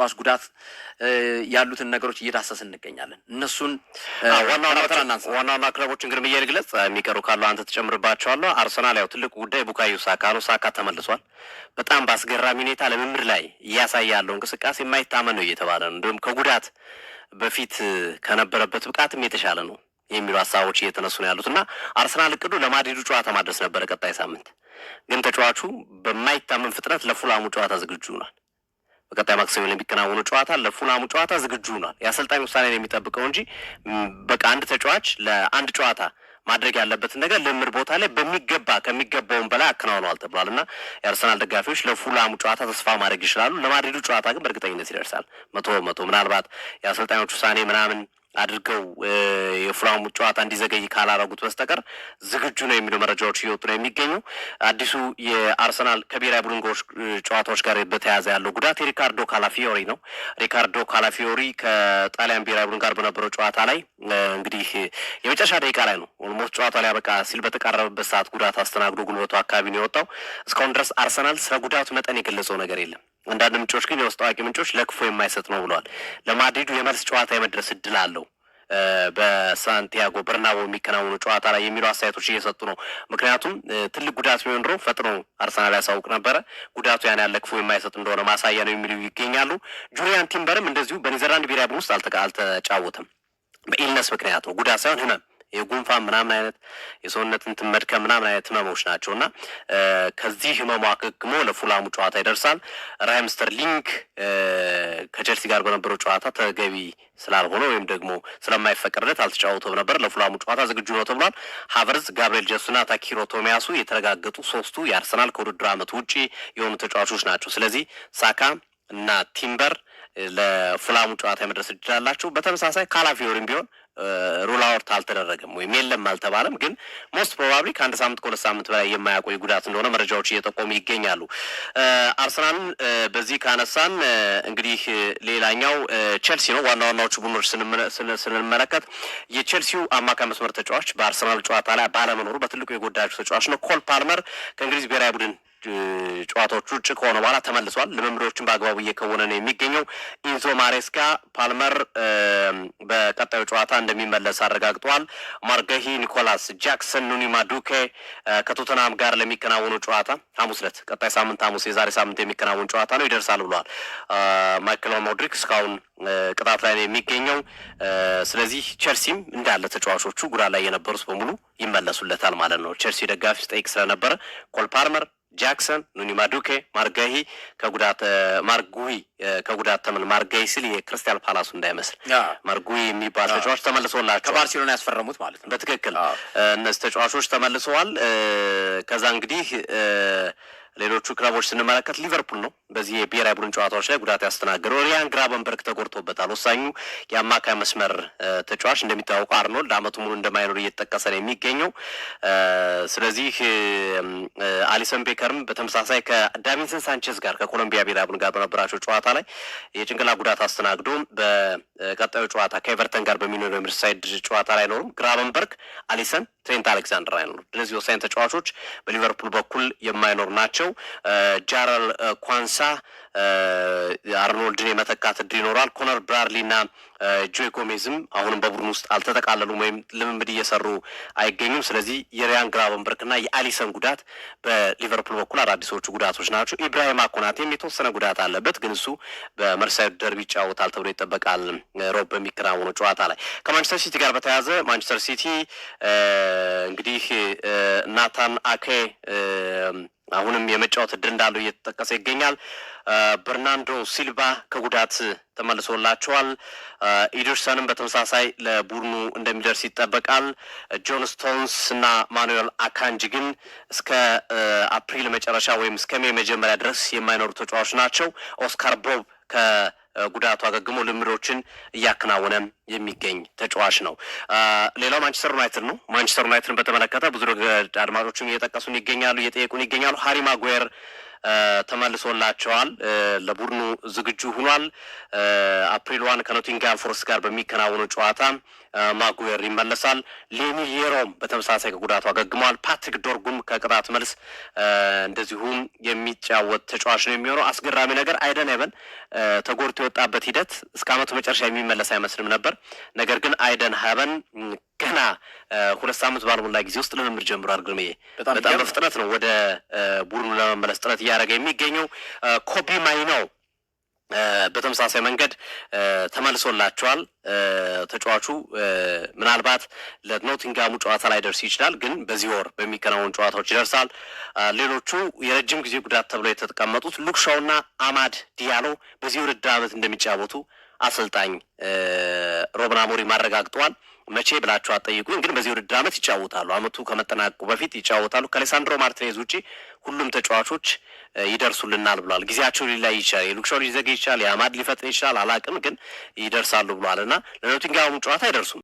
ተጫዋች ጉዳት ያሉትን ነገሮች እየዳሰስ እንገኛለን። እነሱን ዋና ዋና ክለቦች እንግዲህ ብዬ ልግለጽ፣ የሚቀሩ ካሉ አንተ ትጨምርባቸዋለሁ። አርሰናል ያው ትልቁ ጉዳይ ቡካዮ ሳካ ነው። ሳካ ተመልሷል። በጣም በአስገራሚ ሁኔታ ልምምድ ላይ እያሳየ ያለው እንቅስቃሴ የማይታመን ነው እየተባለ ነው። እንዲሁም ከጉዳት በፊት ከነበረበት ብቃትም የተሻለ ነው የሚሉ ሀሳቦች እየተነሱ ነው ያሉት እና አርሰናል እቅዱ ለማድሪዱ ጨዋታ ማድረስ ነበረ ቀጣይ ሳምንት ግን ተጫዋቹ በማይታመን ፍጥነት ለፉላሙ ጨዋታ ዝግጁ ሆኗል። በቀጣይ ማክሰኞ ለሚከናወኑ ጨዋታ ለፉላሙ ጨዋታ ዝግጁ ሆኗል። የአሰልጣኝ ውሳኔ ነው የሚጠብቀው እንጂ በቃ አንድ ተጫዋች ለአንድ ጨዋታ ማድረግ ያለበትን ነገር ልምድ ቦታ ላይ በሚገባ ከሚገባውን በላይ አከናውነዋል ተብሏል እና የአርሰናል ደጋፊዎች ለፉላሙ ጨዋታ ተስፋ ማድረግ ይችላሉ። ለማድሪዱ ጨዋታ ግን በእርግጠኝነት ይደርሳል መቶ በመቶ ምናልባት የአሰልጣኞች ውሳኔ ምናምን አድርገው የፉላሙ ጨዋታ እንዲዘገይ ካላረጉት በስተቀር ዝግጁ ነው የሚሉ መረጃዎች እየወጡ ነው የሚገኙ። አዲሱ የአርሰናል ከብሔራዊ ቡድን ጨዋታዎች ጋር በተያያዘ ያለው ጉዳት የሪካርዶ ካላፊዮሪ ነው። ሪካርዶ ካላፊዮሪ ከጣሊያን ብሔራዊ ቡድን ጋር በነበረው ጨዋታ ላይ እንግዲህ የመጨረሻ ደቂቃ ላይ ነው ኦልሞስት ጨዋታ ላይ አበቃ ሲል በተቃረበበት ሰዓት ጉዳት አስተናግዶ ጉልበቱ አካባቢ ነው የወጣው። እስካሁን ድረስ አርሰናል ስለ ጉዳቱ መጠን የገለጸው ነገር የለም። አንዳንድ ምንጮች ግን የውስጥ አዋቂ ምንጮች ለክፎ የማይሰጥ ነው ብለዋል። ለማድሪዱ የመልስ ጨዋታ የመድረስ እድል አለው በሳንቲያጎ በርናቦ የሚከናወኑ ጨዋታ ላይ የሚሉ አስተያየቶች እየሰጡ ነው። ምክንያቱም ትልቅ ጉዳት ቢሆን ድሮ ፈጥኖ አርሰናል ያሳውቅ ነበረ። ጉዳቱ ያን ያለ ክፉ የማይሰጥ እንደሆነ ማሳያ ነው የሚሉ ይገኛሉ። ጁሪያን ቲምበርም እንደዚሁ በኔዘርላንድ ብሔራዊ ቡድን ውስጥ አልተጫወተም። በኢልነስ ምክንያት ነው፣ ጉዳት ሳይሆን ህመም የጉንፋን ምናምን አይነት የሰውነት እንትን መድከም ምናምን አይነት ህመሞች ናቸው እና ከዚህ ህመሙ አገግሞ ለፉላሙ ጨዋታ ይደርሳል። ራሂም ስተርሊንግ ከቸልሲ ጋር በነበረው ጨዋታ ተገቢ ስላልሆነ ወይም ደግሞ ስለማይፈቀድለት አልተጫወተም ነበር። ለፉላሙ ጨዋታ ዝግጁ ነው ተብሏል። ሀቨርዝ፣ ጋብርኤል ጀሱና ታኪሮ ቶሚያሱ የተረጋገጡ ሶስቱ የአርሰናል ከውድድር ዓመት ውጪ የሆኑ ተጫዋቾች ናቸው። ስለዚህ ሳካ እና ቲምበር ለፉላሙ ጨዋታ የመድረስ እድል አላቸው። በተመሳሳይ ካላፊዮሪም ቢሆን ሩል አውት አልተደረገም ወይም የለም አልተባለም። ግን ሞስት ፕሮባብሊ ከአንድ ሳምንት ከሁለት ሳምንት በላይ የማያቆይ ጉዳት እንደሆነ መረጃዎች እየጠቆሙ ይገኛሉ። አርሰናልን በዚህ ካነሳን እንግዲህ ሌላኛው ቼልሲ ነው። ዋና ዋናዎቹ ቡድኖች ስንመለከት የቼልሲው አማካይ መስመር ተጫዋች በአርሰናል ጨዋታ ላይ ባለመኖሩ በትልቁ የጎዳቸው ተጫዋች ነው። ኮል ፓልመር ከእንግሊዝ ብሔራዊ ቡድን ጨዋታዎቹ ውጭ ከሆነ በኋላ ተመልሷል። ልምምዶችን በአግባቡ እየከወነ ነው የሚገኘው። ኢንዞ ማሬስካ ፓልመር በቀጣዩ ጨዋታ እንደሚመለስ አረጋግጠዋል። ማርገሂ፣ ኒኮላስ ጃክሰን፣ ኑኒ ማዱኬ ከቶተናም ጋር ለሚከናወኑ ጨዋታ ሐሙስ ዕለት ቀጣይ ሳምንት ሐሙስ የዛሬ ሳምንት የሚከናወን ጨዋታ ነው ይደርሳል ብለዋል። ማይክል ሞድሪክ እስካሁን ቅጣት ላይ ነው የሚገኘው። ስለዚህ ቸልሲም እንዳለ ተጫዋቾቹ ጉዳት ላይ የነበሩት በሙሉ ይመለሱለታል ማለት ነው። ቸልሲ ደጋፊ ስጠይቅ ስለነበረ ኮል ፓልመር ጃክሰን ኑኒ ማዱኬ ማርጋሂ ከጉዳት ማርጉሂ ከጉዳት ተመል ማርጋሂ ስል የክርስቲያን ፓላሱ እንዳይመስል ማርጉዊ የሚባል ተጫዋች ተመልሶላቸዋል። ከባርሴሎና ያስፈረሙት ማለት ነው። በትክክል እነዚህ ተጫዋቾች ተመልሰዋል። ከዛ እንግዲህ ሌሎቹ ክለቦች ስንመለከት ሊቨርፑል ነው በዚህ የብሔራዊ ቡድን ጨዋታዎች ላይ ጉዳት ያስተናገደው። ሪያን ግራቨንበርግ ተጎድቶበታል። ወሳኙ የአማካይ መስመር ተጫዋች እንደሚታወቀው አርኖልድ አመቱ ሙሉ እንደማይኖር እየተጠቀሰ ነው የሚገኘው። ስለዚህ አሊሰን ቤከርም በተመሳሳይ ከዳቪንሰን ሳንቼዝ ጋር ከኮሎምቢያ ብሔራዊ ቡድን ጋር በነበራቸው ጨዋታ ላይ የጭንቅላ ጉዳት አስተናግዶ በቀጣዩ ጨዋታ ከኤቨርተን ጋር በሚኖረው የምርሳይድ ጨዋታ ላይ አይኖሩም። ግራቨንበርግ አሊሰን ትሬንት አሌክዛንደር አይኖር። እነዚህ ወሳኝ ተጫዋቾች በሊቨርፑል በኩል የማይኖር ናቸው። ጃረል ኳንሳ አርኖልድን የመተካት እድል ይኖራል። ኮነር ብራድሊና ጆይ ጎሜዝም አሁንም በቡድን ውስጥ አልተጠቃለሉም ወይም ልምምድ እየሰሩ አይገኙም። ስለዚህ የሪያን ግራቨንበርክና የአሊሰን ጉዳት በሊቨርፑል በኩል አዳዲሶቹ ጉዳቶች ናቸው። ኢብራሂም አኮናቴም የተወሰነ ጉዳት አለበት፣ ግን እሱ በመርሳይድ ደርቢ ይጫወታል ተብሎ ይጠበቃል ሮብ በሚከናወነው ጨዋታ ላይ ከማንቸስተር ሲቲ ጋር በተያያዘ ማንቸስተር ሲቲ እንግዲህ ናታን አኬ አሁንም የመጫወት እድል እንዳለው እየተጠቀሰ ይገኛል። በርናንዶ ሲልቫ ከጉዳት ተመልሶላቸዋል። ኢድርሰንም በተመሳሳይ ለቡድኑ እንደሚደርስ ይጠበቃል። ጆን ስቶንስ እና ማኑኤል አካንጅ ግን እስከ አፕሪል መጨረሻ ወይም እስከ ሜ መጀመሪያ ድረስ የማይኖሩ ተጫዋቾች ናቸው። ኦስካር ቦብ ጉዳቱ አገግሞ ልምዶችን እያከናወነ የሚገኝ ተጫዋች ነው። ሌላው ማንቸስተር ዩናይትድ ነው። ማንቸስተር ዩናይትድን በተመለከተ ብዙ አድማጮችም እየጠቀሱን ይገኛሉ፣ እየጠየቁን ይገኛሉ። ሀሪ ማጉዌር ተመልሶላቸዋል ለቡድኑ ዝግጁ ሆኗል። አፕሪል ዋን ከኖቲንጋም ፎርስ ጋር በሚከናወኑ ጨዋታ ማጉዌር ይመለሳል። ሌኒ የሮም በተመሳሳይ ከጉዳቱ አገግመዋል። ፓትሪክ ዶርጉም ከቅጣት መልስ እንደዚሁም የሚጫወት ተጫዋች ነው የሚሆነው። አስገራሚ ነገር አይደን ኤቨን ተጎድቶ የወጣበት ሂደት እስከ አመቱ መጨረሻ የሚመለስ አይመስልም ነበር። ነገር ግን አይደን ሀበን ገና ሁለት ሳምንት ባልሞላ ጊዜ ውስጥ ልምምድ ጀምሯል። ግርሜ በጣም በፍጥነት ነው ወደ ቡድኑ ለመመለስ ጥረት እያደረገ የሚገኘው ኮቢ ነው። በተመሳሳይ መንገድ ተመልሶላቸዋል። ተጫዋቹ ምናልባት ለኖቲንጋሙ ጨዋታ ላይ ደርስ ይችላል፣ ግን በዚህ ወር በሚከናወኑ ጨዋታዎች ይደርሳል። ሌሎቹ የረጅም ጊዜ ጉዳት ተብለው የተቀመጡት ሉክሻውና አማድ ዲያሎ በዚህ ውድድር ዓመት እንደሚጫወቱ አሰልጣኝ ሮብን አሞሪም አረጋግጠዋል። መቼ ብላችሁ አጠይቁኝ፣ ግን በዚህ ውድድር አመት ይጫወታሉ። አመቱ ከመጠናቀቁ በፊት ይጫወታሉ። ከሌሳንድሮ ማርቲኔዝ ውጪ ሁሉም ተጫዋቾች ይደርሱልናል ብሏል። ጊዜያቸው ሊለያይ ይችላል፣ የሉክሾ ሊዘግ ይችላል፣ የአማድ ሊፈጥን ይችላል፣ አላቅም፣ ግን ይደርሳሉ ብሏል እና ለኖቲንግሃሙ ጨዋታ አይደርሱም።